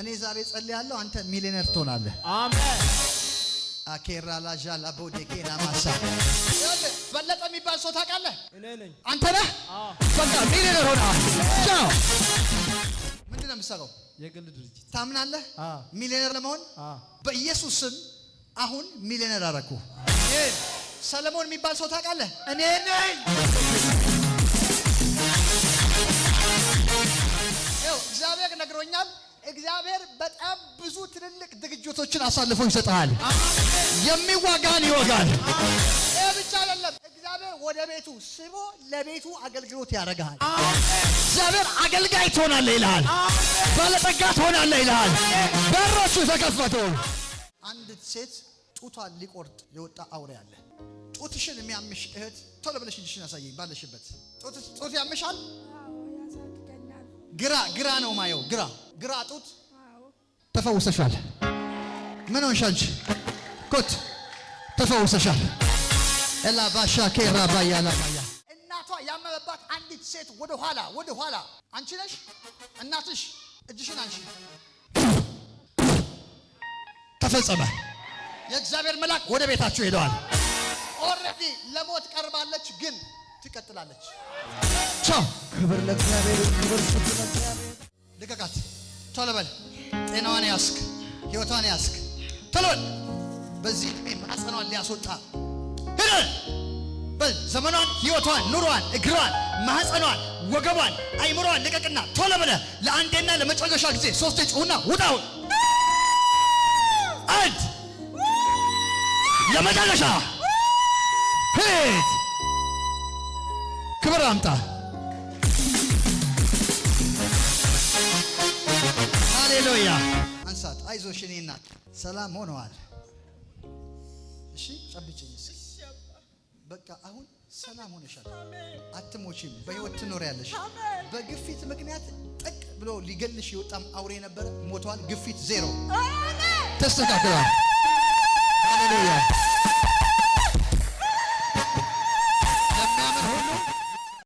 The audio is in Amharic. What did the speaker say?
እኔ ዛሬ ጸልያለሁ፣ አንተ ሚሊዮነር ትሆናለህ። አሜን። አኬራ ላዣ ላቦዴ ማሳ በለጠ የሚባል ሰው ታውቃለህ? እኔ ነኝ። አንተ ነህ? አዎ። በቃ ሚሊዮነር ሆነሃል። ቻው። ምንድን ነው የምትሰራው? የግል ድርጅት። ታምናለህ? አዎ። ሚሊዮነር ለመሆን በኢየሱስ ስም አሁን ሚሊዮነር አደረኩህ። ሰለሞን የሚባል ሰው ታውቃለህ? እኔ ነኝ። እግዚአብሔር በጣም ብዙ ትልልቅ ድርጅቶችን አሳልፎ ይሰጣል። የሚዋጋን ይወጋል። ይህ ብቻ አይደለም። እግዚአብሔር ወደ ቤቱ ስቦ ለቤቱ አገልግሎት ያደርጋል። እግዚአብሔር አገልጋይ ትሆናለህ ይልሃል። ባለጠጋ ትሆናለህ ይልሃል። በሮቹ ተከፈቱ። አንዲት ሴት ጡቷን ሊቆርጥ የወጣ አውሬ አለ። ጡትሽን የሚያምሽ እህት ቶሎ ብለሽ ልጅሽን ያሳየኝ ባለሽበት። ጡት ያምሻል ግራ ግራ ነው ማየው። ግራ ግራ ጡት ተፈውሰሻል። ምን ሆንሻል? ኮት ተፈውሰሻል። ኤላ ባሻ ኬራ ባያ ላባያ እናቷ ያመመባት አንዲት ሴት ወደ ኋላ ወደ ኋላ አንቺ ነሽ እናትሽ፣ እጅሽን አንቺ ተፈጸመ። የእግዚአብሔር መልአክ ወደ ቤታችሁ ሄደዋል። ኦልሬዲ ለሞት ቀርባለች፣ ግን ትቀጥላለች። ክብር ለእግዚአብሔር ክብር ለእግዚአብሔር። ልቀቃት፣ ቶሎ በል። ጤናዋን ያስክ፣ ህይወቷን ያስክ፣ ቶሎ በል። በዚህ ዕድሜ ማህፀኗን ሊያስወጣ ሄደ። በል ዘመኗን፣ ህይወቷን፣ ኑሯን፣ እግሯን፣ ማህፀኗን፣ ወገቧን፣ አይምሯን ልቀቅና ቶሎ ብለህ ለአንዴና ለመጨረሻ ጊዜ ሶስቴ ጩሁና ውጣው። አንድ ለመጨረሻ ሂድ፣ ክብር አምጣ ሃሌሉያ። አንሳት፣ አይዞሽ የኔ እናት ሰላም ሆነዋል። እሺ ጨብጭኝ። በቃ አሁን ሰላም ሆነሻል። አትሞችም፣ በህይወት ትኖሪያለሽ። በግፊት ምክንያት ጠቅ ብሎ ሊገልሽ የወጣም አውሬ ነበር ሞተዋል። ግፊት ዜሮ ተስተካክሏል። ሃሌሉያ